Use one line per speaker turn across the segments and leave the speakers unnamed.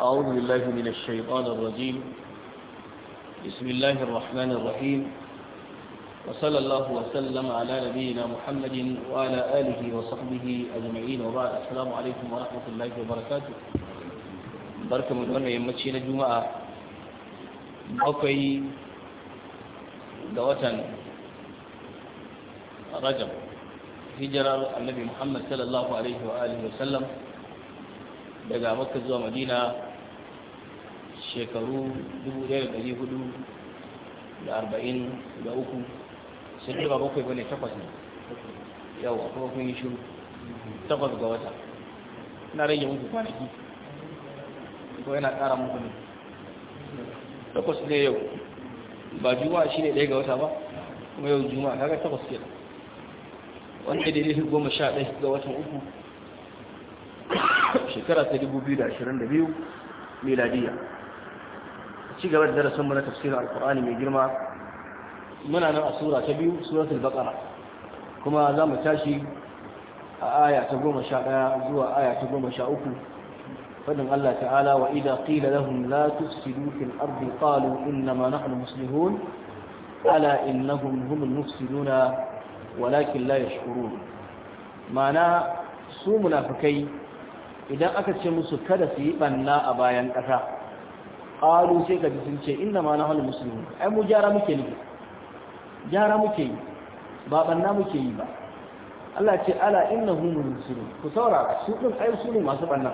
أعوذ بالله من الشيطان الرجيم بسم الله الرحمن الرحيم وصلى الله وسلم على نبينا محمد وعلى آله وصحبه أجمعين وبعد السلام عليكم ورحمة الله وبركاته بركة من أن يمتشين الجمعة بقي دوتا رجب hijirar annabi muhammad sallallahu alaihi wa alihi wasallam daga makka zuwa madina shekaru 1443 sun ɗiba bakwai bane takwas ne yau a kuma kun yi shiru takwas ga wata na rage muku kwanaki ko yana ƙara muku ne takwas ne yau ba juma'a shi ne ɗaya ga wata ba kuma yau juma'a kaga takwas ke wanda daidai goma sha ɗaya ga watan uku shekara ta dubu biyu da da ashirin 2022 miladiya ci gaba da darasin mu na tafsirin alqur'ani mai girma muna nan a sura ta biyu suratul baqara kuma za mu tashi a aya ta goma sha ɗaya zuwa aya ta goma sha uku fadin Allah ta'ala wa idha qila lahum la tufsidu fil ardi qalu innama nahnu muslihun ala innahum humul mufsiduna walakin la yashkurun ma'ana su munafikai idan aka ce musu kada su yi banna a bayan ƙasa qalu sai ka ji sun ce inna ma nahnu muslimun ai mu jara muke ne jara muke yi ba banna muke yi ba Allah ce ala innahum muslimun ku saura su din ai su ne masu banna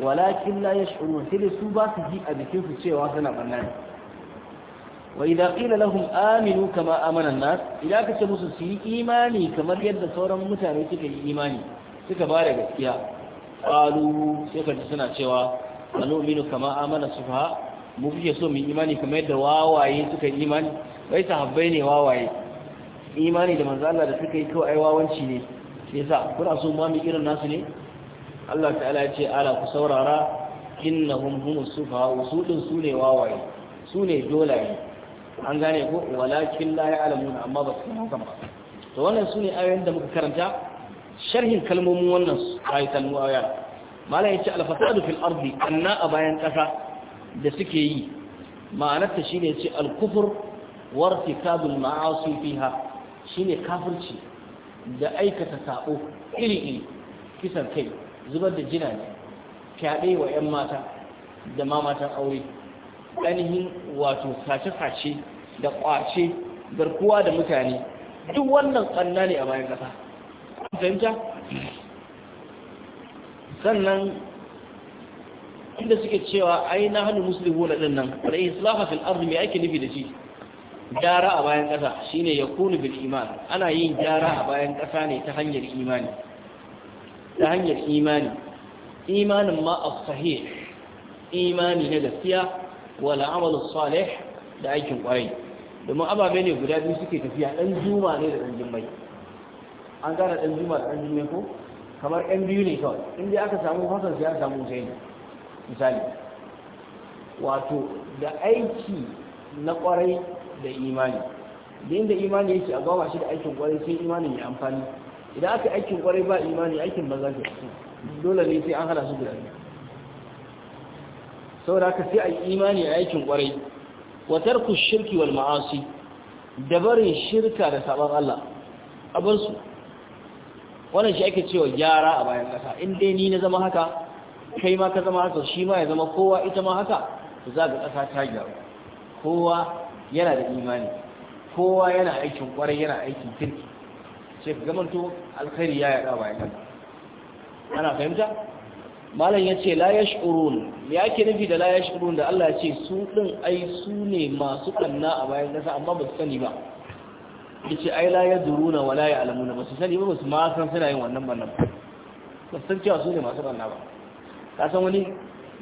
walakin la yash'urun sai su ba su ji a jikin su cewa suna banna ne wa idza qila lahum aminu kama amana an-nas idan kace musu su yi imani kamar yadda sauran mutane suka yi imani suka ba da gaskiya qalu sai ka ji suna cewa anu'minu kama amana sufaha mu kuke so mu imani kamar yadda wawaye suka yi imani bai sahabbai ne wawaye imani da manzo Allah da suka yi kawai wawanci ne sai yasa kuna so mu mu irin nasu ne Allah ta'ala ya ce ala ku saurara innahum humus sufaha usudun sune wawaye sune dolaye an gane ko walakin la ya'lamun amma ba su haka ba to wannan sune ayoyin da muka karanta sharhin kalmomin wannan ayatul mu'ayyad malam yace alfasa fil ardi anna a bayan ƙasa da suke yi ma'anarta shine yace al-kufr wa ma'asi fiha shine kafirci da aikata sabo iri iri kisan kai zubar da jina ne fyaɗe wa 'yan mata da ma matan aure ɗanihin wato sace-sace da ƙwace garkuwa da mutane duk wannan ƙanna ne a bayan ƙasa sannan inda suke cewa ai na hannu musulmi na ɗin nan da islaha fil ardi mai ake nufi da shi gyara a bayan ƙasa shine ya kunu bil iman ana yin gyara a bayan ƙasa ne ta hanyar imani ta hanyar imani imanin ma a sahih imani na gaskiya wala amalu salih da aikin kwarai domin ababe ne guda biyu suke tafiya ɗan juma ne da ɗan jimmai an gane ɗan juma da ɗan jimmai ko kamar yan biyu ne kawai inda aka samu hasan sai an samu husaini misali wato da aiki na kwarai da imani da inda imani yake a gaba shi da aikin kwarai sai imanin ya amfani idan aka aikin kwarai ba imani aikin banza ke dole ne sai an hana su guda saboda haka sai a yi imani a aikin kwarai wa tarku shirki wal ma'asi da barin shirka da saban Allah a bar su wannan shi ake cewa gyara a bayan ƙasa in dai ni na zama haka kai ma ka zama haka shi ma ya zama kowa ita ma haka to za ga ƙasa ta gyaru kowa yana da imani kowa yana aikin ƙwarai yana aikin kirki sai ka to alkhairi ya yaɗa bayan ƙasa ana fahimta malam ya ce la yash'urun me ake nufi da la yash'urun da Allah ya ce su ɗin ai su ne masu ɗanna a bayan ƙasa amma ba su sani ba yace ai la yadruna wala ba su sani ba su ma san suna yin wannan bannan ba san cewa su ne masu banna ba ka san wani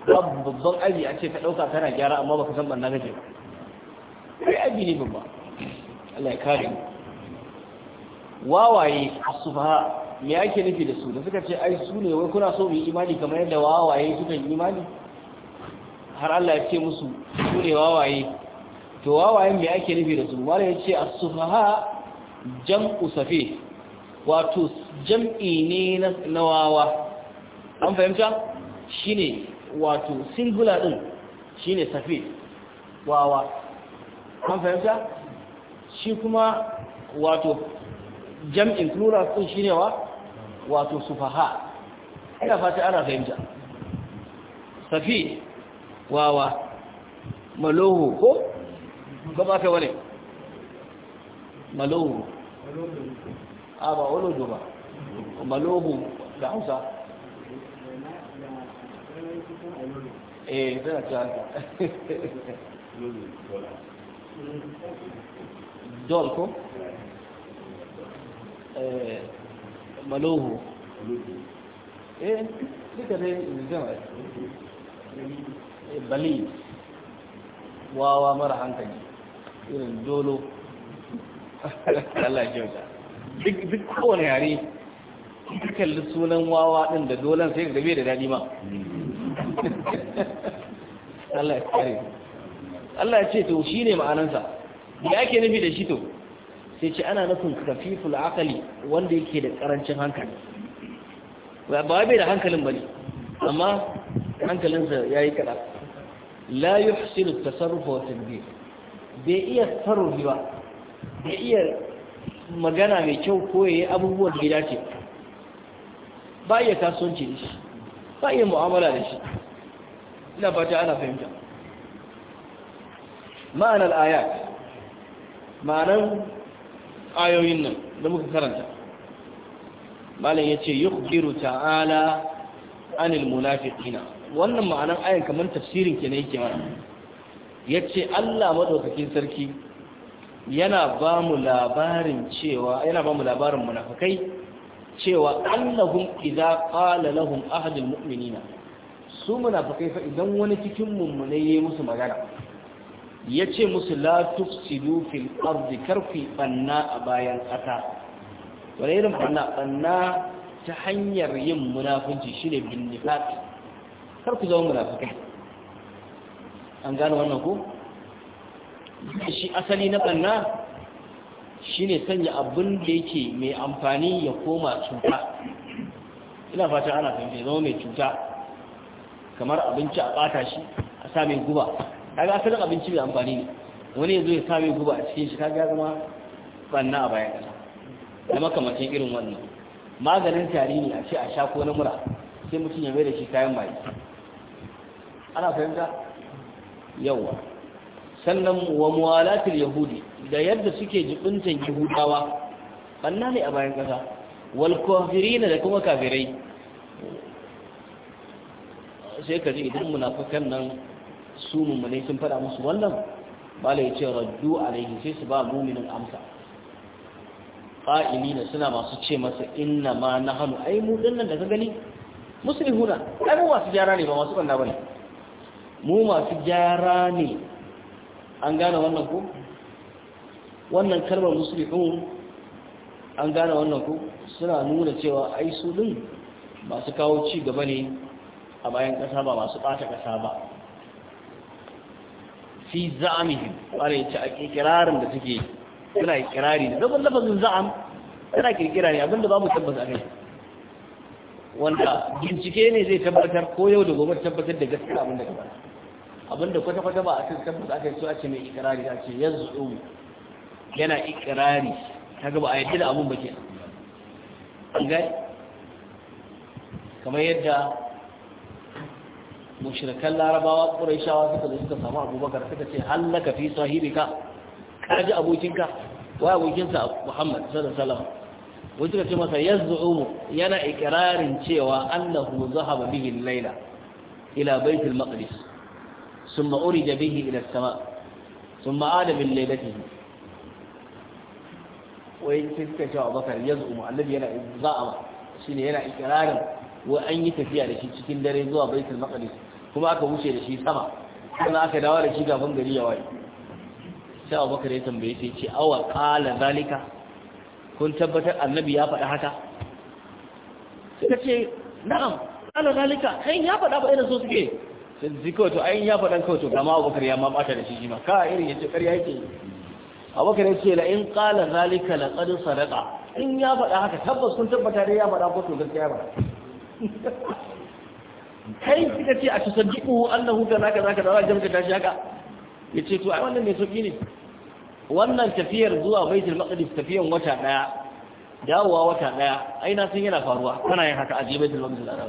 babban aji a ce ka dauka kana gyara amma baka san banna kake ba ai aji ne babba Allah ya kare mu wawaye asubaha me ake nufi da su da suka ce ai su ne wai kuna so mu yi imani kamar yadda wawaye suka yi imani har Allah ya ce musu su ne wawaye to wawayen me ake nufi da su wala ya ce asubaha jam'u safi wato jam'i ne na nawawa an fahimta shine wato singular din shine safi wawa an fahimta shi kuma wato jam'in plural din shine wa wato sufaha ina fata ana fahimta safi wawa malohu ko gaba ta wane malohu a ba olodo ba malohu da hausa eh tana ta haka dol ko eh, malohu eh duka dai zama eh, bali wawa mara hankali irin dolo Allah kyauta duk kowane yare kalli sunan wawa din da dolan sai da bai da dadi ma Allah ya kare Allah ya ce to shi ne ma'anansa da ake nufi da shi to sai ce ana nufin kafiful aqli wanda yake da karancin hankali ba bai da hankalin bane amma hankalinsa ya yi kaɗa la yuhsinu tasarrufa wa tadbir bai iya sarrufi ba Da iya magana mai kyau koyi abubuwan da ce, ba iya kasuwanci da shi ba iya mu'amala da shi ina fata ana fahimta ma'anar ayat ma'anar ayoyin nan da muka karanta malam ya ce yukhbiru ta'ala anil munafiqina wannan ma'anar ayan kamar tafsirin ke ne yake mana yace Allah madaukakin sarki yana ba mu labarin cewa yana ba mu labarin munafikai cewa annahum idza qala lahum ahadul mu'minina su munafikai fa idan wani cikin mummune yayi musu magana yace musu la tufsidu fil ardi karfi banna a bayan kasa wani irin banna banna ta hanyar yin munafunci shine bin nifaq kar ku zama munafikai an gano wannan ko shi asali na ɓanna shi ne sanya abin da yake mai amfani ya koma cuta ina fata ana fahimta zama mai cuta kamar abinci a ɓata shi a sami guba kaga asalin abinci mai amfani ne wani ya zo ya sami guba a cikin shi ga zama ɓanna a bayan ƙasa da makamacin irin wannan maganin tari ne a ce a sha ko na mura sai mutum ya mai da shi kayan baki ana fahimta yawa sannan wa muwalatul yahudi da yadda suke jibintan yahudawa banna ne a bayan kasa wal kafirina da kuma kafirai sai ka ji idan munafikan nan su mummune sun fada musu wannan bala yace raddu alaihi sai su ba mu'minin amsa qa'ilina suna masu ce masa inna ma nahnu ai mu dinnan da ka gani muslihuna ai mu masu gyara ne ba masu banna bane mu masu gyara ne an gane wannan ku wannan kalmar musulihun an gane wannan ku suna nuna cewa ai su din masu kawo ci gaba ne a bayan kasa ba masu ɓata kasa ba fi za'amihim wanda ta a ƙirƙirarin da suke suna ƙirari da babban lafazin za'am suna ƙirƙira ne abinda babu tabbata a kai wanda bincike ne zai tabbatar ko yau da gobe tabbatar da gaskiya abinda gaba abinda kwata-kwata ba a cikin tabbata aka yi so a ce mai ikirari a ce yanzu ɗomi yana ikirari ta gaba a yadda da abin ba ke gai kamar yadda mushrikan larabawa ƙuraishawa suka da suka samu abubakar suka ce hallaka fi sahibika kaji abokinka wa abokinsa muhammad sallallahu alaihi wasallam suka ce masa yanzu yaz'umu yana ikirarin cewa annahu zahaba bihin laila ila baitul maqdis ثم أرد به إلى السماء ثم عاد من ليلته wai sai suka cewa abubakar ya zuwa annabi yana za'a yana ikirarin wa an yi tafiya da shi cikin dare zuwa baitul maqdis kuma aka wuce da shi sama kuma aka dawo da shi kafin gari ya sai abubakar ya tambaye sai ce awa qala zalika kun tabbatar annabi ya faɗi haka suka ce na'am qala zalika kai ya faɗa ba irin so suke sai kawai to ayin ya faɗan kawai to kama abubakar ya ma ɓata da shi shi ma ka irin ya ce ƙarya yake abubakar ya ce la in ƙala zalika la qad sadaka in ya faɗa haka tabbas kun tabbata dai ya faɗa ko to gaskiya ba kai kika ce a tusaddiqu annahu kana kaza kaza za a jamka tashi haka Ya ce to ai wannan ne sauki ne wannan tafiyar zuwa baitul maqdis tafiyan wata daya dawowa wata daya aina sun san yana faruwa kana yin haka a je baitul maqdis a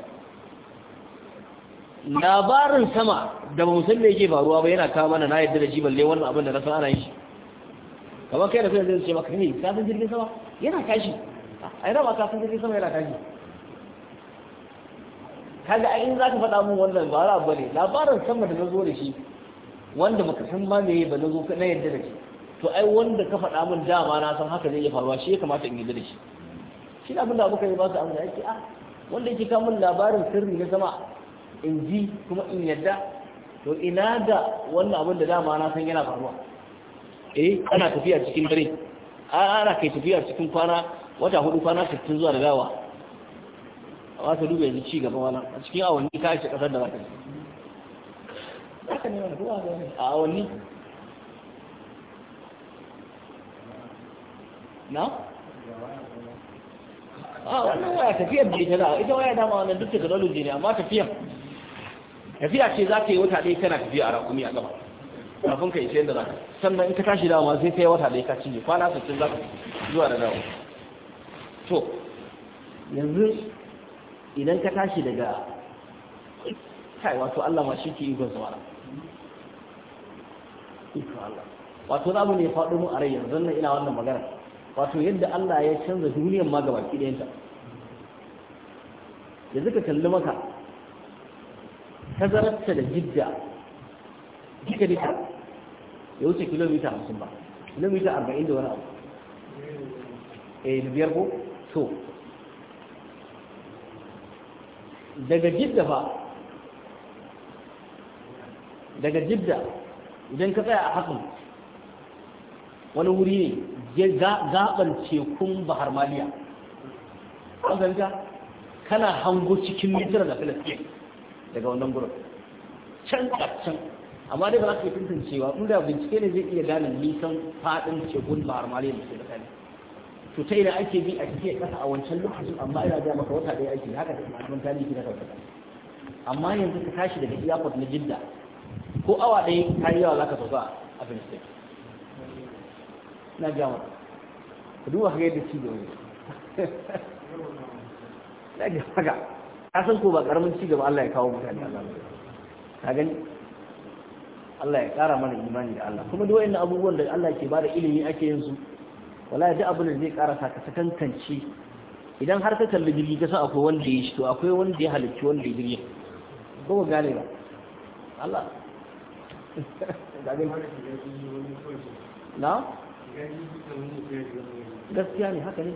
labarin sama da ba musamman yake faruwa ba yana kama mana na yadda da shi balle wannan abin da na san ana yi kamar kai da kai zai ce maka ne kafin jirgin sama yana tashi a yi rama kafin jirgin sama yana tashi kaga a in za ka faɗa mun wannan ba ra bane labarin sama da na zo da shi wanda maka san ba me ba na zo na yadda da shi to ai wanda ka faɗa mun dama na san haka zai iya faruwa shi ya kamata in yadda da shi shi abin da abokan ya ba su ya yake a, ah, wanda yake kamun mun labarin sirri na sama in ji kuma in yadda to ina ga wannan abin da dama na san yana faruwa eh ana tafiya cikin dare ana kai tafiya cikin kwana wata hudu kwana cikin zuwa da dawa amma wata duba yanzu ci gaba wannan a cikin awanni ka shi kasar da zaka ci haka wannan duwa a awanni na a wannan waya tafiyar da ita da ita waya dama wannan duk technology ne amma tafiyar tafiya ce za ta yi wata ɗaya tana tafiya a rakumi a gaba kafin ka isa da za ka sannan in ka tashi dawa sai ka yi wata ɗaya ka cinye kwana sassin za ka zuwa da dawa to yanzu idan ka tashi daga kai wato Allah ma shi ke yi gwazawa wato za mu ne faɗo mu a rai yanzu nan ina wannan magana wato yadda Allah ya canza duniyar ma gaba ki ɗayanta yanzu ka kalli maka tazararta da jidda duka duka ya wuce kilomita hamsin ba kilomita arba'in da wani abu eh biyar ko to daga jidda fa daga jidda idan ka tsaya a hakan wani wuri ne gaban tekun bahar maliya an kana hango cikin mitar da filistin daga wannan gurin can can amma dai ba za ka yi tantancewa inda bincike ne zai iya gane nisan faɗin tekun bahar maliya da ke da kane to ta ina ake bi a cikin ƙasa a wancan lokacin amma ina ga maka wata ɗaya ake haka ta ma'aikatan tarihi na karkata amma yanzu ka tashi daga airport na jidda ko awa ɗaya ka yi yawa za ka sauka a filistin na ga maka ka duba ka yadda ci da wani na ga maka ka san ko ba karamin ci gaba Allah ya kawo mutane Allah ka gani Allah ya kara mana imani da Allah kuma duk wayannan abubuwan da Allah ke bada ilimi ake yin su wallahi duk abin da zai kara saka sakankance idan har ka kalli jirgi ka san akwai wanda ya shi to akwai wanda ya halicci wanda ya jirgi ba ku gane ba Allah na gaskiya ne haka ne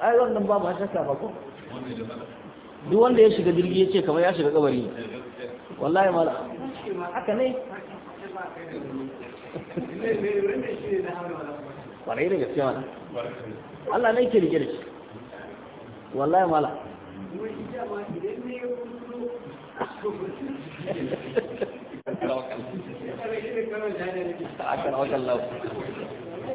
ai wannan babu shakka ba ko duk wanda ya shiga jirgi ya ce kamar ya shiga kabari wallahi mala haka ne kwarai da gaske mana Allah ne ke rike da shi wallahi mala a kan wakan lau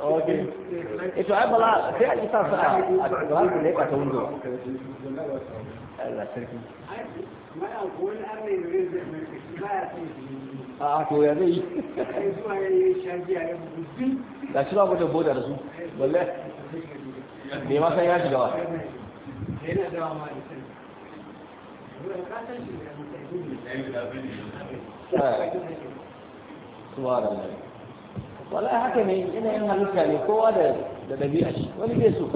ok ito bala sai a kisa su a ba a to ya zai yi shi ba boda da su balle ma san ya shiga ba Subhanallah. wala haka ne ina yin halitta ne kowa da da dabi'a shi wani bai so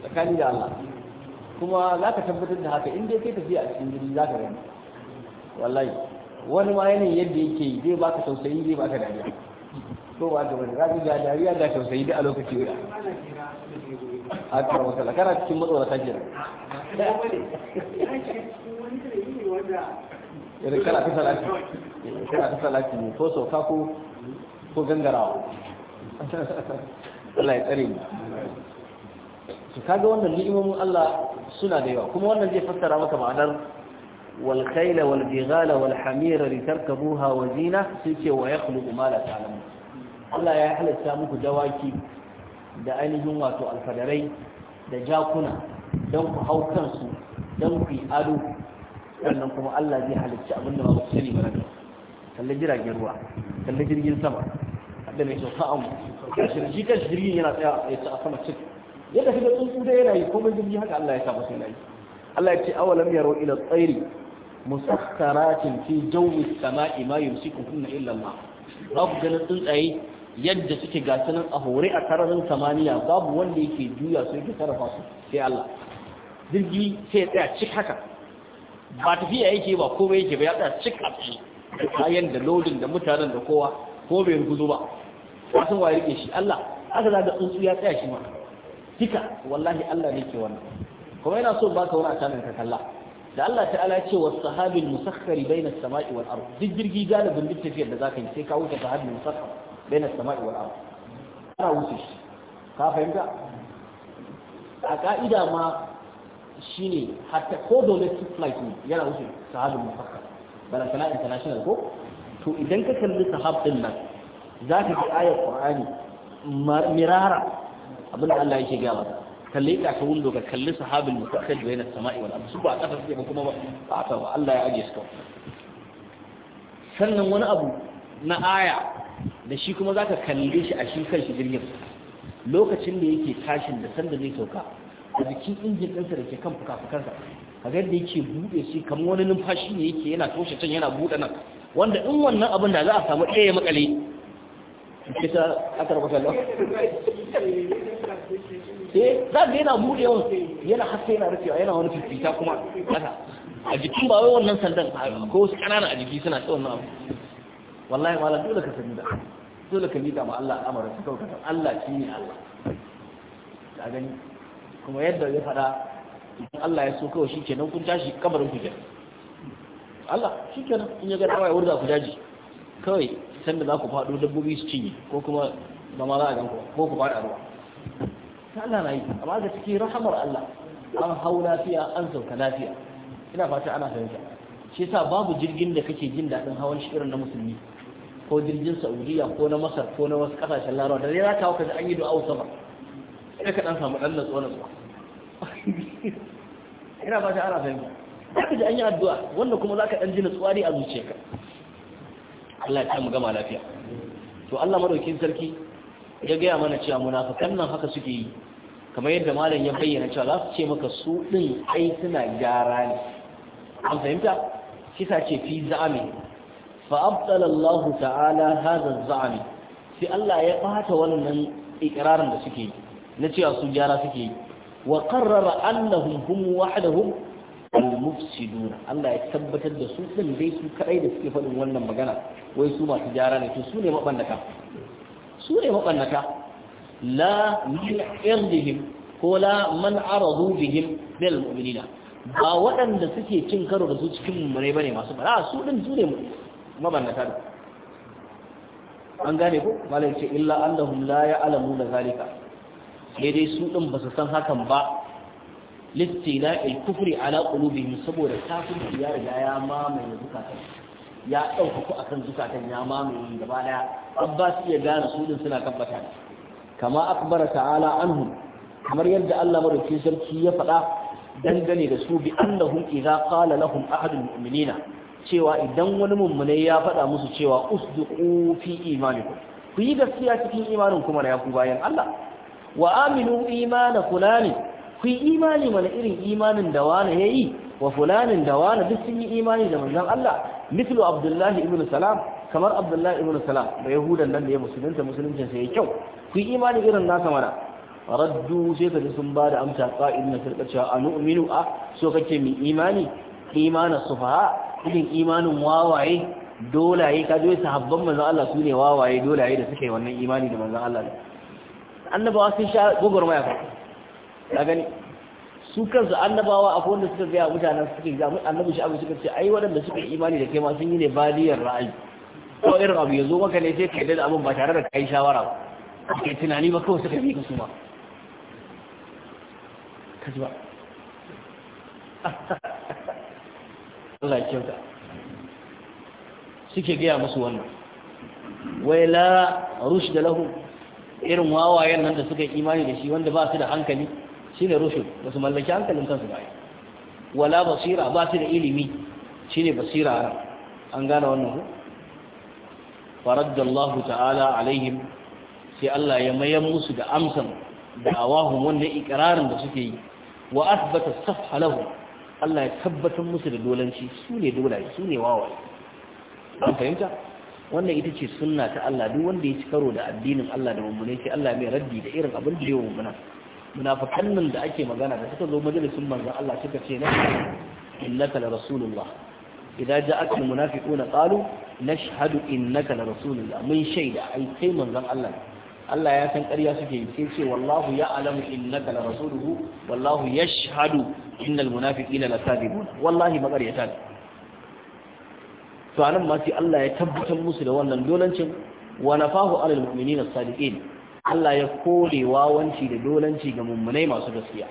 tsakani da Allah kuma za ka tabbatar da haka inda dai kai tafiya a cikin jirgi za ka gani wallahi wani ma yanayin yadda yake yi zai baka tausayi zai baka dariya ko ba da wani rabi ga dariya ga tausayi da a lokaci guda a kar masala kana cikin matsorata kenan irin kana ta salati kana ta salati ne ko sauka ko ko gangarawa Allah ya tsare mu kaga wannan ni'imomin Allah suna da yawa kuma wannan zai fassara maka ma'anar wal khayla wal bighala wal hamira litarkabuha wa zina sai ce wa yakhluqu ma la ta'lamun Allah ya halitta muku dawaki da ainihin wato alfadarai da jakuna don ku hau kansu don ku yi ado sannan kuma Allah zai halitta abinda ba ku sani ba kalli jiragen ruwa kalli jirgin sama da mai sauka a shi kan jirgin yana tsaya ya ta sama cik yadda kaga tsuntsu da yana yi komai jirgi haka Allah ya sa masa yana yi Allah ya ce awalam yaro ila tsairi musakkaratin fi jawi sama'i ma kunna illa Allah ku ganin tsuntsaye yadda suke gasa nan a hore a sararin samaniya babu wanda yake juya su yake sarrafa su sai Allah jirgi sai ya tsaya cik haka ba tafiya yake ba komai yake ba ya tsaya cik a tsaye da kayan da lodin da mutanen da kowa ko bai ruguzo ba wasan waye rike shi Allah aka zaga tsuntsu ya tsaya shi ma duka wallahi Allah ne ke wannan kuma yana so baka wani atamin ka kalla da Allah ta'ala ya ce was sahabil musakhkhari bainas sama'i wal ard duk jirgi galibin duk tafiyar da zaka yi sai ka wuce sahabil musakhkhar bainas sama'i wal ard ana wuce shi ka fahimta a ka'ida ma shine hatta ko domestic flight ne yana wuce sahabil musakhkhari balantana international ko to idan ka kalli sahab din nan za ka ga ayar qur'ani mirara Abin da Allah yake ga maka kalle ka ka wundo ka kalli da mutakhil bayna as-sama'i wal ardi ba kafa sai kuma ba Ba ta ba Allah ya aje su sannan wani abu na aya da shi kuma zaka kalle shi a shi kan shi jirgin lokacin da yake tashin da sanda zai sauka a jikin injin ɗinsa da ke kan fuka-fukansa kaga da yake bude shi kamar wani numfashi ne yake yana toshe can yana bude nan wanda in wannan abin da za a samu ɗaya makale kisa aka rubuta lo eh za ga yana bude yawan yana haske yana rufewa yana wani fifita kuma haka a jikin ba wai wannan sandan ko wasu kanana a jiki suna tsawon nan wallahi wala dole ka sani da dole ka miƙa ma Allah amara ka kauka Allah shi ne Allah ka gani kuma yadda ya faɗa in Allah ya so kawai shi kenan kun tashi kabarin ku kenan Allah shi kenan in ya ga dawa ya wurza ku daji kawai da za ku faɗo dabbobi su cinye ko kuma ma za a ganku ko ku faɗa ruwa ta Allah na yi amma ga cikin rahamar Allah an hau lafiya an sauka lafiya ina fata ana fahimta shi yasa babu jirgin da kake jin daɗin hawan shi irin na musulmi ko jirgin saudiya ko na masar ko na wasu ƙasashen larawa da dai za ka hau ka ji an yi du'a sama sai ka ɗan samu ɗan natsuwa natsuwa ina ba ta ana fahimta za ka ji an yi addu'a wanda kuma za ka ɗan ji natsuwa ne a zuciyarka Allah ya mu gama lafiya to Allah madaukin sarki ya gaya mana cewa munafikan nan haka suke yi kamar yadda malam ya bayyana cewa za su ce maka su ɗin ai suna gyara ne an fahimta shi sa ce fi za'ami fa abdala Allah ta'ala hadha za'ami sai Allah ya bata wannan ikrarin da suke yi na cewa su gyara suke yi wa qarrara annahum hum wahdahum al Allah ya tabbatar da su din dai kadai da suke faɗin wannan magana wai su masu gyara ne to su ne mabannata su ne mabannata la ko la bil ba waɗanda suke cin karo da su cikin mummune bane masu ba. su ɗin su ne mabannata da an gane ko malai ce illa annahum alamu da zalika sai dai su ɗin ba su san hakan ba listina kufri ala qulubihim saboda kafirci ya riga ya mamaye zukatan ya ɗaukaku akan zukatan ya mamaye gaba daya abbas iya gane su ɗin suna kan bata kama akbara ta'ala anhum kamar yadda Allah madaukakin sarki ya faɗa dangane da su bi annahum idza qala lahum ahadul mu'minina cewa idan wani mummune ya faɗa musu cewa usduqu fi imanikum ku yi gaskiya cikin imanin kuma da ku bayan Allah wa aminu imana fulani ku yi imani mana irin imanin da wani yi? wa fulanin da wani duk sun yi imani da manzon Allah Mislu abdullahi ibn salam kamar abdullahi ibn salam da yahudan nan da ya musulunta musuluncin sai yayi kyau ku yi imani irin nasa mana raddu sai ka sun ba da amsa qa'idun sirka cewa anu'minu a so kake mi imani imanin sufaha irin imanin wawaye dolaye je sahabban manzon Allah su ne wawaye dolaye da suke wannan imani da manzon Allah ne annabawa sun sha gogoro gwagwarmaya fa ka gani su kansu annabawa akwai wanda suka gaya mutanen suke ga annabi shi abu suka ce ai waɗanda suka yi imani da kai ma sun yi ne baliyar ra'ayi ko irin abu ya zo maka ne sai kai yadda da abin ba tare da kai shawara ba kai tunani ba kawai suka bi ka su ma ka ji ba Allah ya kyauta suke gaya musu wannan wai la rushda lahum irin wawayen nan da suka yi imani da shi wanda ba su da hankali shine rushud ba su mallaki hankalin kansu ba wala basira ba su da ilimi ne basira an gane wannan ko faraddallahu ta'ala alaihim sai Allah ya mayar musu da amsan da'awahum wanda ikirarin da suke yi wa athbata safha Allah ya tabbatar musu da dolanci su ne dolaye su ne wawaye an fahimta wannan ita ce sunna ta Allah duk wanda ya ci karo da addinin Allah da mummune sai Allah mai raddi da irin abin da ya mummuna munafikan nan da ake magana da suka zo majalisun manzon Allah suka ce na innaka la rasulullah idza ja'aka almunafiquna qalu nashhadu innaka la rasulullah mun shaida ai kai manzon Allah Allah ya san ƙarya suke yi sai ce wallahu ya'lamu innaka la rasuluhu wallahu yashhadu innal munafiqina la sadibun wallahi magariyata to anan ma sai Allah ya tabbatar musu da wannan dolancin wa nafahu alal mu'minina sadiqin Allah ya kore wawanci da dolanci ga mummunai masu gaskiya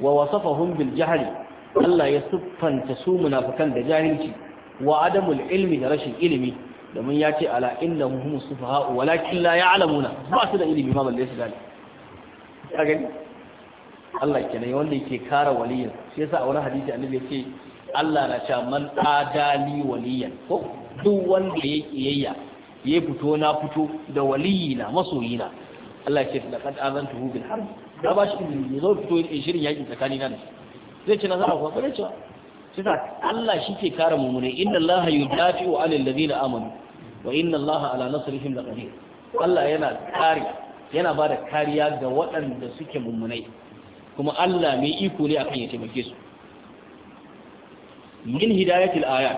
wa wasafahum bil jahli Allah ya siffanta su munafikan da jahilci wa adamul ilmi da rashin ilimi domin ya ce ala innahum hum sufaha walakin la ya'lamuna ba su da ilimi ma balle su gane ka gani Allah kenan wanda yake kare waliyin shi yasa a wani hadisi annabi yake Allah na ce man adali waliyan ko duk wanda ya kiyayya ya fito na fito da waliyina masoyina Allah ce da kad azantuhu bil harb da ba shi ne zo fito in shirin yaki tsakani na zai ce na za a kwa bare cewa sai Allah shi ke kare mu ne inna Allah yudafi'u 'anil ladina amanu wa inna Allah ala nasrihim laqadir Allah yana kare yana ba da kariya ga waɗanda suke mummunai kuma Allah mai iko ne akan ya taimake su min hidayatil ayat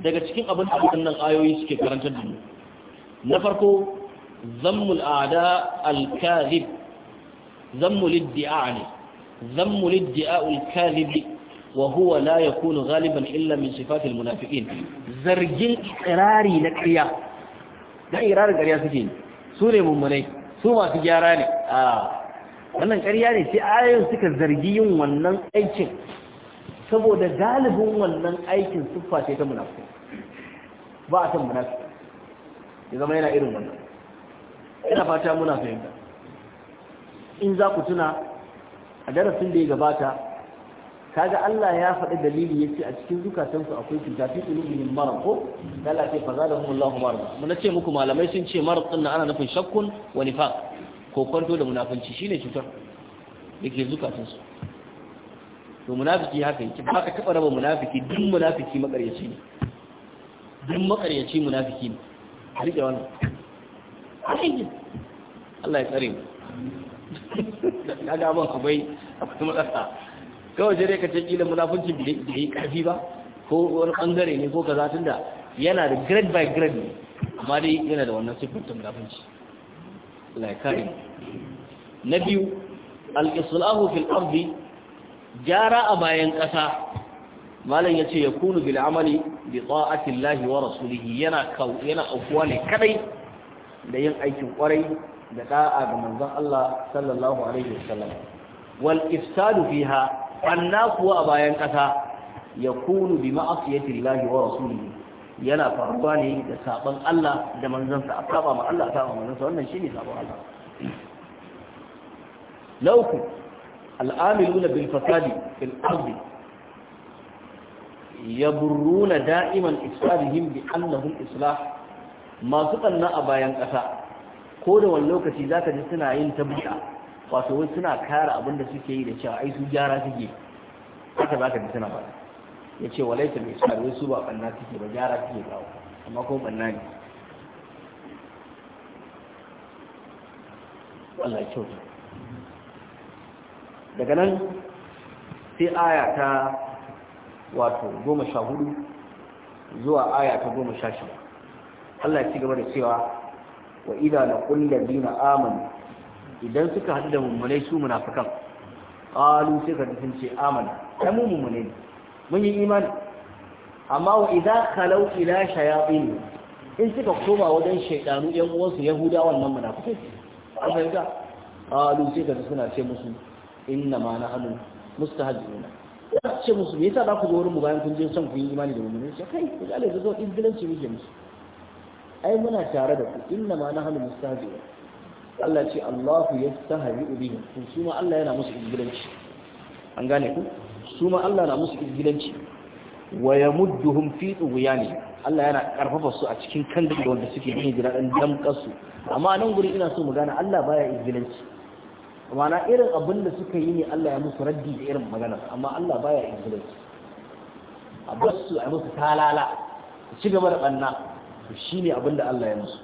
daga cikin abin da wannan ayoyi suke karantar da mu na farko zammul ada al-kadhib zammul iddia ne zammul iddia al-kadhib wa huwa la yakunu ghaliban illa min sifatil munafiqin zargin ikrari na ƙarya da ikrarin ƙarya suke ne. su ne mummunai su masu gyara ne a wannan ƙarya ne sai ayoyin suka zargi yin wannan aikin saboda galibin wannan aikin siffa ce ta munafi ba a san munafi ya zama yana irin wannan ina fata muna fahimta in za ku tuna a darasin da ya gabata kaga Allah ya faɗi dalili ce a cikin zukatansu akwai cuta fi yin mara, ko dala ce fa fazalahum Allahu marad mun ce muku malamai sun ce marad din ana nufin shakkun wa nifaq ko kwanto da munafunci shine cutar dake zukatansu to munafiki haka yake ba ka taba raba munafiki duk munafiki makaryaci ne duk makaryaci munafiki ne a rike wannan Allah ya tsare mu kaga abin akwai akwai matsala kawai dai ka ce kila munafunci da yi karfi ba ko wani bangare ne ko kaza tunda yana da grade by grade ne amma dai yana da wannan sifar ta munafunci Allah ya kare mu na biyu al-islahu fil ardi gyara a bayan ƙasa malam ya ce ya kunu bil amali bi ta'atin lahi wa rasulihi yana yana aukuwa ne kadai da yin aikin kwarai da da'a ga manzon Allah sallallahu alaihi wasallam wal ifsadu fiha anna kuwa a bayan ƙasa ya kunu bi ma'asiyati lahi wa rasulihi yana faruwa ne da saban Allah da manzon sa saba ma Allah saba manzon sa wannan shine saban Allah lauku al'amiluna bil fasadi fil ardi na da'iman islahihim bi Annahun islah masu tsanna a bayan ƙasa ko da wani lokaci za ka ji suna yin tabbata wato wai suna kare abinda suke yi da cewa ai su gyara suke haka ka ji suna ba ya ce walaita mai islah wai su ba ɓanna suke ba gyara suke kawo amma ko ɓanna ne Allah ya kyauta daga nan sai aya ta wato goma sha hudu zuwa aya ta goma sha shi Allah ya ci gaba da cewa wa idza da dina amanu idan suka hadu da mummunai su munafikan Alu sai ka sun ce Aman kai mu mummune ne mun yi imani amma wa ida kalau ila shayatin in suka koma wajen shaidanu yan uwansu yahudawan nan munafikai an fahimta Alu sai ka suna ce musu inna ma na hannu mustahajjuna ya ce musu me yasa za ku zo wurin mu bayan kun je son ku yi imani da ne sai kai ku ga da zo izgilanci muke musu ai muna tare da ku inna ma na hannu mustahajjuna Allah ce Allahu yastahabi bihim to su ma Allah yana musu izgilanci an gane ku su ma Allah na musu izgilanci wa yamudduhum fi tughyani Allah yana karfafa su a cikin kan da wanda suke yin jira dan damƙar su amma nan guri ina so mu gane Allah baya izgilanci mana irin abin da suka yi ne Allah ya musu raddi da irin maganar amma Allah baya yin su a basu a musu talala ci gaba da banna to shi ne abin da Allah ya musu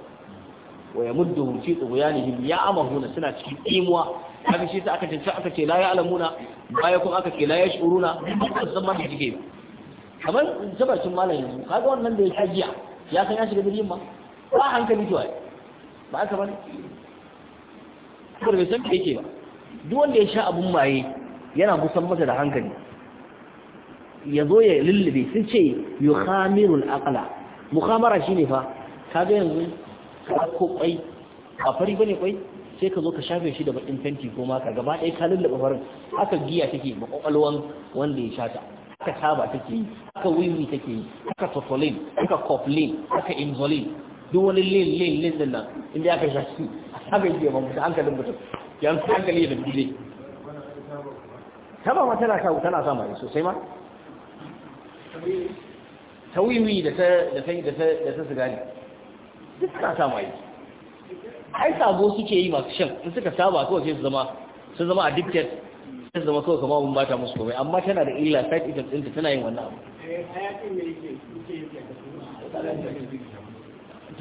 wa ya yamudduhum fi tughyanihim ya'mahuna suna cikin imuwa kaga shi sai aka ce aka ce la ya'lamuna baya kuma aka ce la yash'uruna ba san ma jike kamar jabacin malam yanzu kaga wannan da ya shagiya ya san ya shiga birnin ma ba hankali to ba aka bane kuma bai san ke yake ba duk wanda ya sha abun maye yana gusan masa da hankali ya zo ya lullube sun ce yukhamirul aqla mukhamara shine fa kaga yanzu ka ko kwai a fari bane kwai sai ka zo ka shafe shi da bakin fenti ko ka gaba ɗaya ka lullube farin haka giya take ba kwakwalwan wanda ya sha ta haka taba take yi haka wiwi take yi haka tofolin haka coplin haka inzolin duk wani lin lin lin nan inda aka sha shi haka yake ba mutum hankalin mutum yanzu hankali da bude ta ba ma tana kawo tana sama ne sosai ma ta wiwi da ta da ta da ta sigari duk tana sa mai ai sabo suke yi masu shan in suka saba kawai sai su zama su zama addicted sai zama kawai kamar mun bata musu komai amma tana da illa side effect ɗinta tana yin wannan abu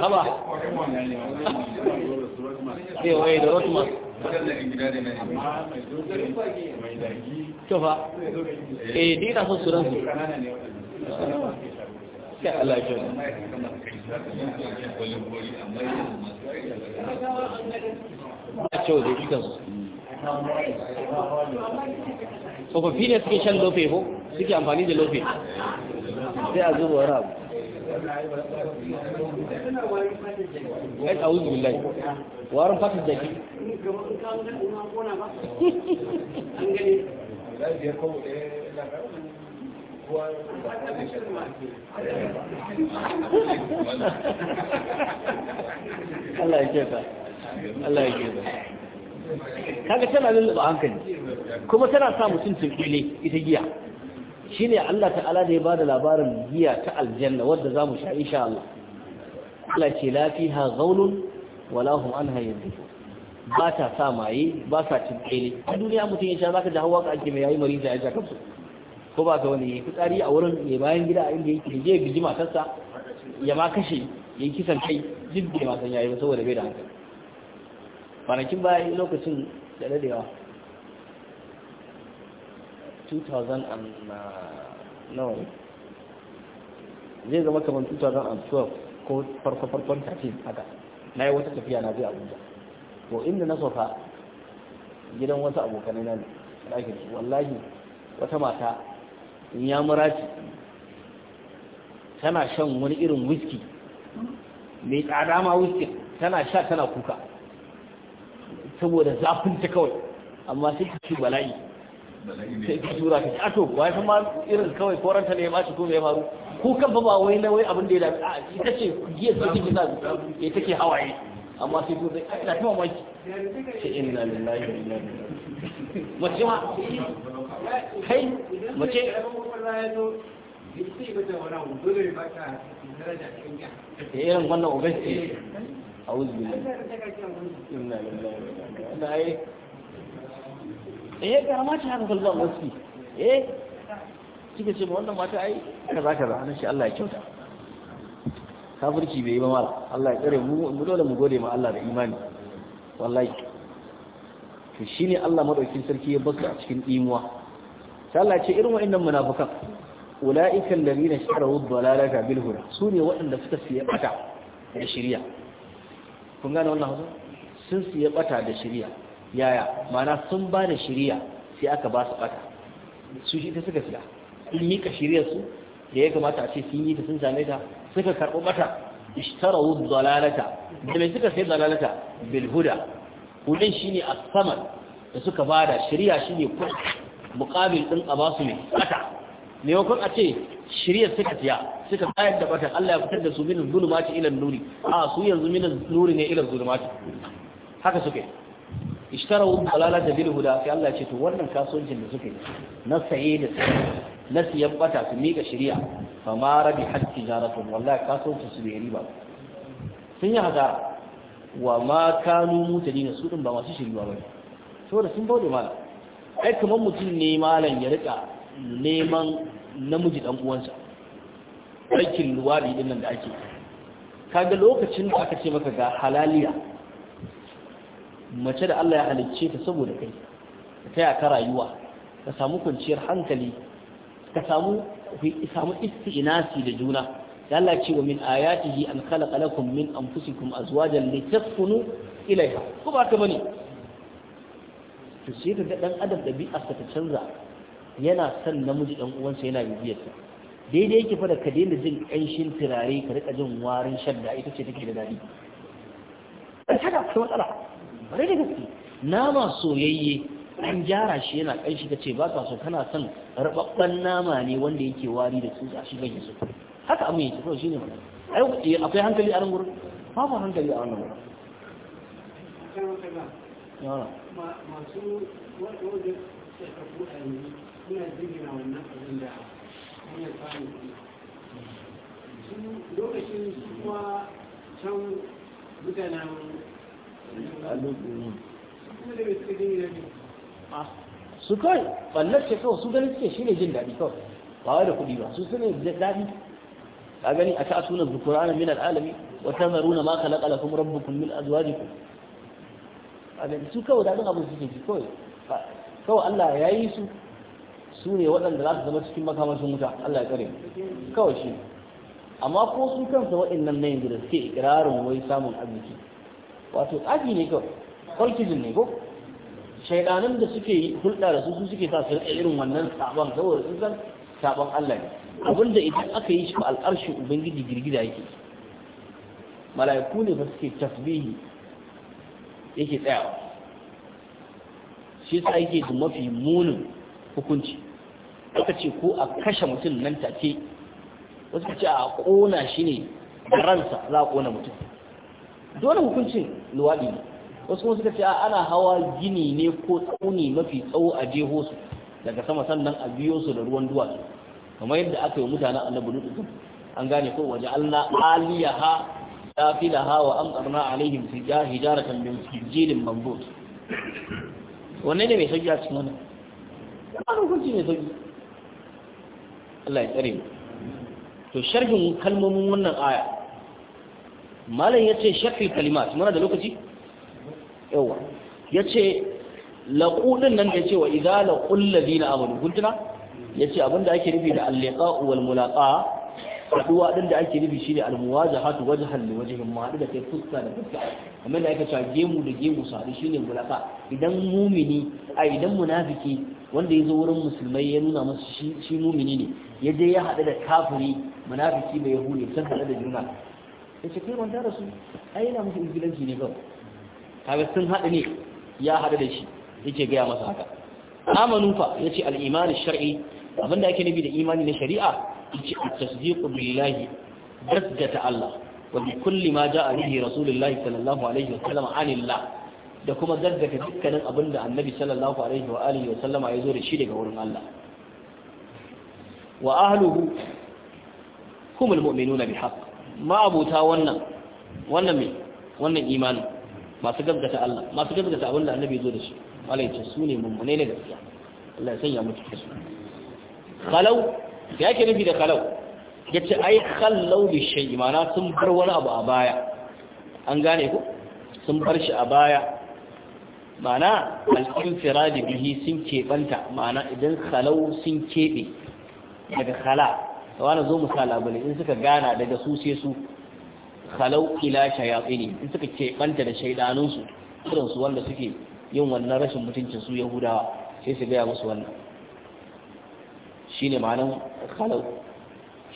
haba eh da rotman ne suke shan lofe ko suke amfani da lofe sai a zuba wani abu ai a'udhu billahi warin fatar jaki Allah ya keta Allah ya keta kaga tana hankali kuma tana sa mutum ne ita giya shi ne Allah ta'ala da ya bada labarin giya ta aljanna wadda zamu sha insha Allah Allah ce la ha ghaulun wala an anha yadhifun ba ta sa maye ba sa tinkele a duniya mutum ya sha za ka ji hawa ka ake mai yayi mariza ya sha ko ba ka wani ya fitsari a wurin ya bayan gida a inda yake je gijima matarsa ya ma kashe ya yi kisan kai duk da ma san yayi saboda bai da hankali kwanakin baya lokacin da dadewa 2000 uh, zai zama kamar 2012 ko farko-farkon 13 haka na yi wata tafiya na zai abuja to inda na sofa gidan wasu abokanai na ne ɗakin su wallahi wata mata ya muraci tana shan wani irin whisky mai tsada ma whisky tana sha tana kuka saboda zafin ta kawai amma sai ta ci bala'i sai ka tura ka a ah, to wai kuma irin kawai koranta ne ya baci ko me ya faru ko kan fa ba wai na abin da ya dace ah, ita ce giyar da take sa ya take hawaye amma sai ko sai ah, ina ta mai ce inna lillahi wa inna ilaihi mace ma kai mace irin wannan ubangiji a wuzi ne inna lillahi wa inna ilaihi eh ga mata haka kalza wasu eh suka ce ma wannan mata ai kaza kaza nan shi Allah ya kyauta kafirci bai yi ba mara Allah ya tsare mu dole mu gode ma Allah da imani wallahi to ne Allah maɗaukin sarki ya baka a cikin imuwa sai Allah ce irin wa'annan munafikan ulaika alladhina ishtaraw ad lalata bil Su ne waɗanda suka siya bata da shari'a kun gane wannan hausa sun siya bata da shirya yaya mana sun ba da shiriya sai aka ba su bata su shi ta suka siya sun mika shirya su da ya kamata a ce sun yi ta sun same ta suka karɓo mata ishtarawu dalalata da mai suka sai dalalata bil huda shi shine a saman da suka bada shiriya shine kuɗi muqabil din a basu ne bata ne wakon a ce shirya suka siya suka bayar da bata Allah ya fitar da su minin zulumati ilan nuri a su yanzu minin nuri ne ilan zulumati haka suke Ishtarau, dalalata bil huda sai Allah ce to wannan kasuwancin da suka yi na saye da na siyan bata su mika shari'a fa ma rabi hat tijaratu wallahi kasuwancin su bai riba sun yi hasara wa ma kanu mutadina su din ba masu shiriwa bane saboda sun bauɗe malam ai kamar mutum ne malam ya rika neman namiji dan uwansa aikin luwadi din nan da ake kaga lokacin da aka ce maka ga halaliya mace da Allah ya halicce ta saboda kai ka taya ka rayuwa ka samu kwanciyar hankali ka samu samu isti'nasi da juna da Allah ce wa min ayatihi an khalaqa lakum min anfusikum azwajan litaskunu ilaiha ko ba ka bane to sai ka ga dan adam ɗabi'arsa ta canza yana son namiji dan uwansa yana bibiyarsa daidai yake fa da ka daina jin ƙanshin turare ka rika jin warin shadda ita ce take da daɗi. Kada ta matsala bare da gaske nama soyayye an gyara shi yana kanshi kace ba ka so kana son rababban nama ne wanda yake wari da tsutsa shi bai so haka abin yake kawai shine magana ai eh, akwai hankali a nan gurin babu hankali a wannan gurin masu wajen shekaru a yanzu suna jirgina wannan abin da hanyar samun su lokacin kuma can mutanen Ah. su kai ballar ce kawai su gani suke shi ne jin daɗi kawai ba wai da kuɗi ba su sune daɗi ka gani a ta'atuna dhukurana min al'alami wa tazaruna ma khalaqa lakum rabbukum min azwajikum abin su kawai daɗin abin suke ji kawai kawai Allah ya yi su su ne waɗanda za su zama cikin makamashin wuta Allah ya tsare kawai shi amma ko su kansa waɗannan na yanzu da suke ikirarin wai samun arziki wato tsafi ne kawai kwalkizin ne ko shaidanan da suke hulɗa da su su suke sa su riƙe irin wannan sabon saboda sun san Allah ne abinda idan aka yi shi ba alƙarshen ubangiji girgida yake mala'iku ne ba suke tasbihi yake tsayawa shi yasa yake da mafi munin hukunci aka ce ko a kashe mutum nan take wasu ka ce a ƙona shi ne ransa za a ƙona mutum dole hukuncin luwaɗi ne wasu kuma suka ce ana hawa gini ne ko tsauni mafi tsawo a jeho su daga sama sannan a biyo su da ruwan duwatsu kamar yadda aka yi mutanen annabi lutu an gane ko waje Allah aliyaha hawa an ƙarna alaihim sija hijaratan min sijilin mambut wannan ne mai sauki a cikin wannan kuma hukunci mai sauki Allah ya tsare mu to sharhin kalmomin wannan aya malam ya yace shakil kalimat muna da lokaci yawa ce laqulun nan da yace wa idza laqul ladina amanu kun tuna yace abinda ake nufi da al-liqa wal mulaqa haduwa din da ake nufi shine al-muwajahatu hannu waje wajhin ma da kai fuska da fuska amma da aka cewa gemu da gemu sadu shine mulaƙa idan mumini a idan munafiki wanda ya zo wurin musulmai ya nuna musu shi mumini ne ya je ya haɗu da kafiri munafiki bai yahudi sun haɗu da juna ya ce kai manta da su ai yana musu izgilanci ne kawai kaga sun haɗu ne ya haɗu da shi yake gaya masa haka amanu fa ce al'imani iman abin da ake nufi da imani na shari'a yace at-tasdiqu billahi gaskata Allah wa bi kulli ma ja'a bihi rasulullahi sallallahu alaihi wa sallam anillah da kuma gaskata dukkanin abinda annabi sallallahu alaihi wa alihi wa sallama ya zo da shi daga wurin Allah wa ahluhu humul mu'minuna bihaqq Ma abuta wannan wannan mai wannan imanin masu gaggata Allah masu gaggata abin da annabi zo da shi malaita su ne mummune ne gaskiya Allah ya sanya mutu kasu kalau ya ke nufi da kalau ya ce ai kallau bi shay'i imana sun bar wani abu a baya an gane ko sun bar shi a baya mana al-infirad bihi sun keɓanta mana idan kalau sun keɓe daga kala. wani zo mu bane in suka gana daga su sai su khalau ila ne in suka ce banta da shaidanunsu irin su wanda suke yin wannan rashin mutuncin su yahudawa sai su gaya musu wannan shine ma'anan khalau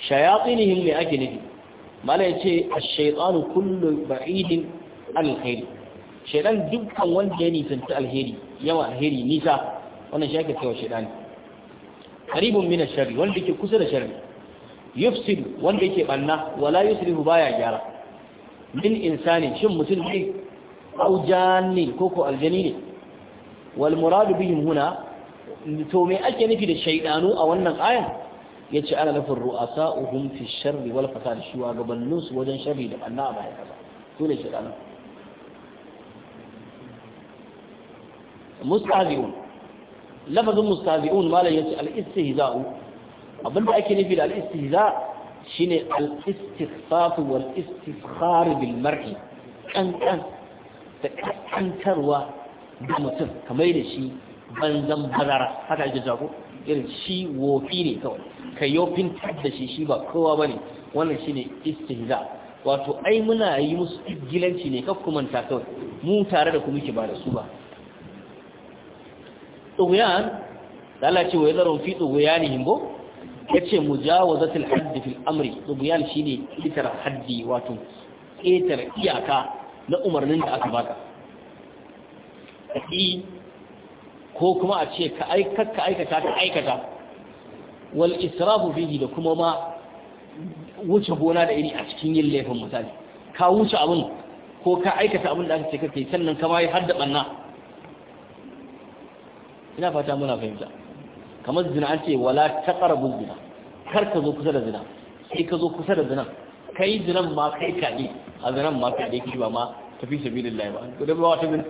shayatsinihim ne ake nufi mala ce ash-shaytanu kullu ba'idin al-khair shaytan dukkan wanda ya nisanta alheri yawa alheri nisa wannan shi ake cewa shaytani qaribun min ash-sharri wanda ke kusa da sharri yufsid wanda yake banna wala yusrihu baya gyara min insani shin mutum ne au janni ko ko aljani ne wal muradu bihim huna to me ake nufi da shaydanu a wannan ayan yace ana nufin ru'asa'uhum fi sharri wal fasad shugabannin su wajen sharri da banna a bayan kasa su ne shaydanu mustahzi'un lafazin mustahzi'un malam yace al-istihza'u da ake nufi da al-istihza shine al-istighfaf wal istighfar bil mar'i kankan da kankantarwa da mutum kamar da shi banzan bazara haka ake cewa ko irin shi wofi ne kawai kai yofin da shi shi ba kowa ba ne. wannan shi ne istihza wato ai muna yi musu gilanci ne kaf kuma ta kawai mu tare da ku muke ba da su ba tsuguyan da Allah ce wa yadharu fi tsuguyanihim bo Ya ce mu mujawazatul hadd fil amri shi ne kitar haddi wato kitar iyaka na umarnin da aka baka ki ko kuma a ce ka aikata aikata ka aikata wal israfu fihi da kuma ma wuce gona da iri a cikin yin laifin misali ka wuce abin ko ka aikata abin da aka ce kake sannan ka ma yi har hadda banna ina fata muna fahimta kamar zina an ce wala taqrabu zina kar ka zo kusa da zina sai ka zo kusa da zina kai zinan ma kai kaɗe a zinan ma kaɗe ki ba ma tafi sabilillahi ba ko da ba wata bin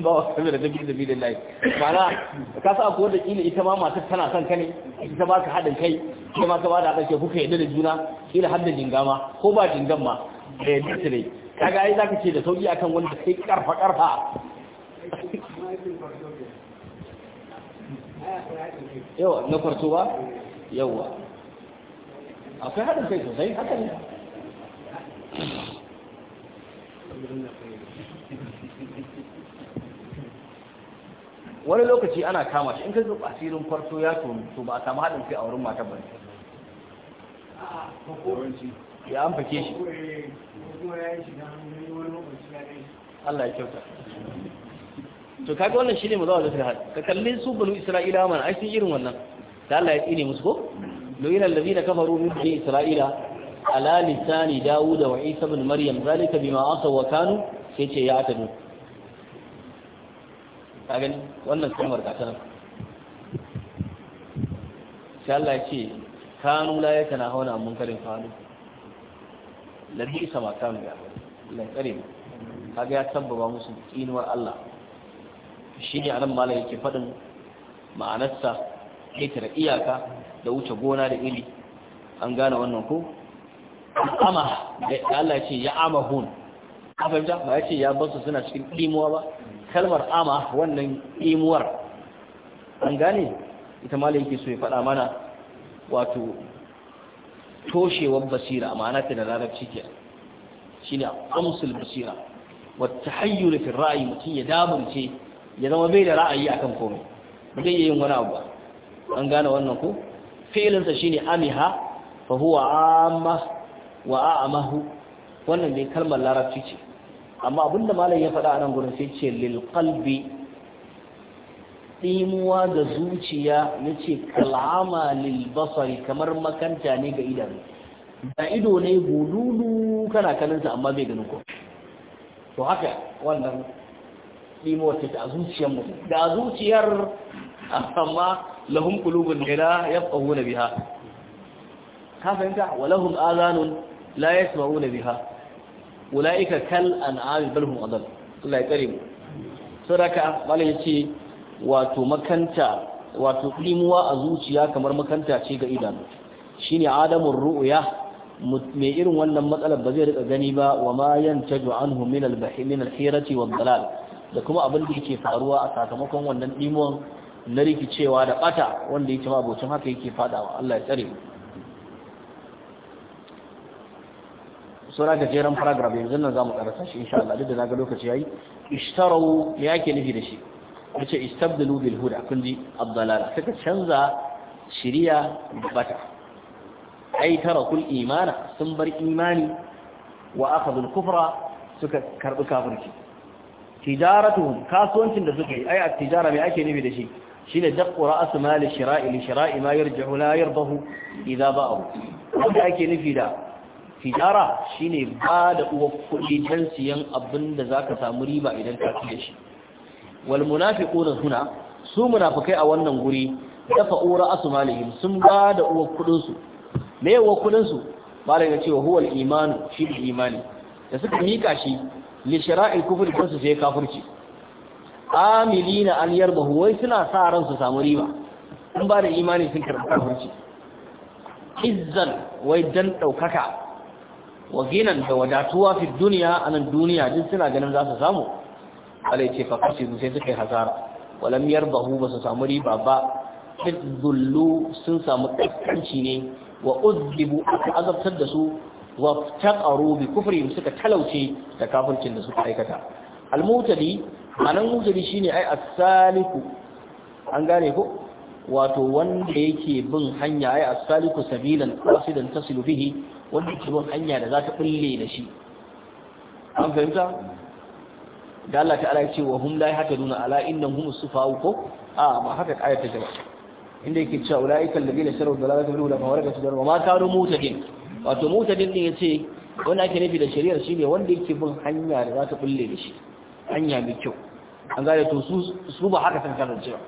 ba wata sabi da tafi sabilillahi mana ka sa ko da ƙila ita ma masu tana son ka ne ita ba ka haɗin kai kai ma ka ba da haɗin kai kuka yadda da juna kila har da jingama ko ba jingan ma da yadda ta ne kaga ai zaka ce da sauki akan wanda kai karfa karfa yawa na farko ba yawa akwai haɗin kai sosai haka ne wani lokaci ana kama shi in ka zuba asirin farko ya to ba a samu haɗin kai a wurin mata ba ne. ya an fake shi Allah ya kyauta to kaga wannan shine da hal ka kalli su banu isra'ila mana ai sun irin wannan da Allah ya tsine musu ko ila allazina kafaru min bani isra'ila ala lisani dawud wa isa ibn maryam zalika bima asaw wa kanu sai ce ya atadu kaga gani wannan barka ta nan. sai Allah ya ce kanu la kana hauna karin falu labi sama kanu ya Allah ya tsare mu kaga ya tabbaba musu tsinuwar Allah shi ne anan malam yake faɗin ma'anarsa ƙetare iyaka da wuce gona da iri an gane wannan ko ama da Allah ce ya ama hun a fahimta ba ya ce ya basu suna cikin ɗimuwa ba kalmar ama wannan ɗimuwar an gane ita malam yake so ya faɗa mana wato toshewar basira ma'ana ta da larabci ke shine amsul basira wata hayyuri fi ra'ayi mutum ya ce? ya zama bai da ra'ayi akan komai ba zai yin wani abu an gane wannan ko fi'ilinsa shine amiha fa huwa amma wa a'amahu wannan dai kalmar larabci ce amma abinda malam ya faɗa a nan gurin sai ce lil qalbi dimuwa da zuciya yace kalama lil basari kamar makanta ne ga idanu da ido ne gululu kana kallon amma bai ganin ko to haka wannan ɗimo wacce ta zuciyar mu da zuciyar amma lahum qulubun ila yafqahuna biha ka fahimta wa azanun la yasma'una biha ulaika kal an'am bal hum adall Allah ya kare mu sadaka malai yace wato makanta wato ɗimuwa a zuciya kamar makanta ce ga idanu shine adamun ru'ya mai irin wannan matsalar ba zai rika gani ba wa ma yantaju anhu min al-bahim min al-hirati wad-dalal da kuma abin da yake faruwa a sakamakon wannan dimon na rikicewa da bata wanda yake ma abocin haka yake fadawa Allah ya tsare sura da jeran paragraph yanzu nan zamu karanta shi insha Allah duk da naga lokaci yayi ishtaru me yake nufi da shi yace istabdalu bil huda kun ji suka canza shiriya da bata ai tarakul imana sun bar imani wa akhadul kufra suka karbi kafirci tijaratuhum kasuwancin da suka ai a tijara me ake nufi da shi shine daqqu ra'su mali shira'i li shira'i ma yarji'u la yardahu idza ba'u wanda ake nufi da tijara shine ba da uwa kuɗi dan siyan abinda zaka samu riba idan ka ci da shi wal munafiquna huna su munafikai a wannan guri dafa ura asmalihim sun ba da uwa kuɗin su me uwa kuɗin su malam ya ce wa huwal imanu shi imani da suka mika shi li shira'il kufri sai kafirci amilina an yarbahu wai suna sa ran su samu riba in ba da imani sun karɓi kafirci izzan wai dan ɗaukaka wa ginan da wadatuwa fi duniya a nan duniya duk suna ganin za su samu alai ce fafashi sai suka yi hasara walam yarbahu ba su samu riba ba hizbullu sun samu ƙasƙanci ne wa uzzibu aka azabtar da su waftaqaru bi kufrihim suka talauce da kafircin da suka aikata al-mutadi anan mutadi shine ai as-saliku an gane ko wato wanda yake bin hanya ai as-saliku sabilan qasidan tasilu bihi wanda yake bin hanya da za ta bulle da shi an fahimta da Allah ta'ala ya ce wa hum la yahtaduna ala innahum sufa'u ko a ba haka ayat ta jama'a inda yake cewa ulaiikal ladina sharu dalalata bil huda fa waraka sudar wa ma kanu mutadin wato mutadin din ce wani ake nufi da shari'ar shi ne wanda yake bin hanya da za ta bulle da shi hanya mai kyau an gane to su ba haka san karin cewa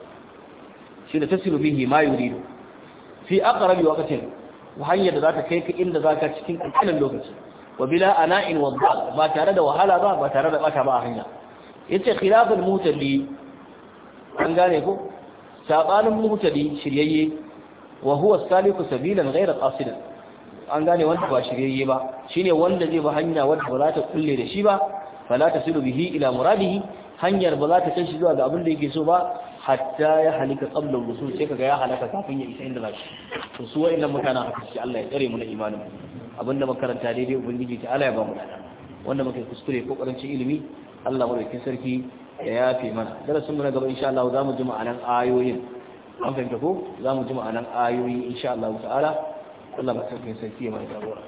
shine tasiru bihi ma yuridu fi aqrabi waqtin wa hanya da za ta kai ka inda zaka cikin kankanin lokaci wa bila ana'in wa ba tare da wahala ba ba tare da bata ba hanya yace khilafal mutadi an gane ko sabanin mutadi shiryayye wa huwa saliku sabilan ghayra qasidan an gane wanda ba shiryayye ba shine wanda zai ba hanya wadda ba za ta kulle da shi ba fala tasiru bihi ila muradihi hanyar ba za ta kai shi zuwa ga abin da yake so ba hatta ya halika qablan rusul sai kaga ya halaka kafin ya isa inda zai to su idan mutanen haka shi Allah ya tsare mu na imanin abinda makaranta daidai ubangiji ta Allah ya ba mu dada wanda muke kuskure ko karancin ilimi Allah madaukakin sarki ya yafe mana darasin mu na gaba insha Allah za mu ji ma'anan ayoyin an fahimta ko za mu ji ma'anan ayoyi insha Allah ta'ala Allah ba sarkin sarki ya mai jagora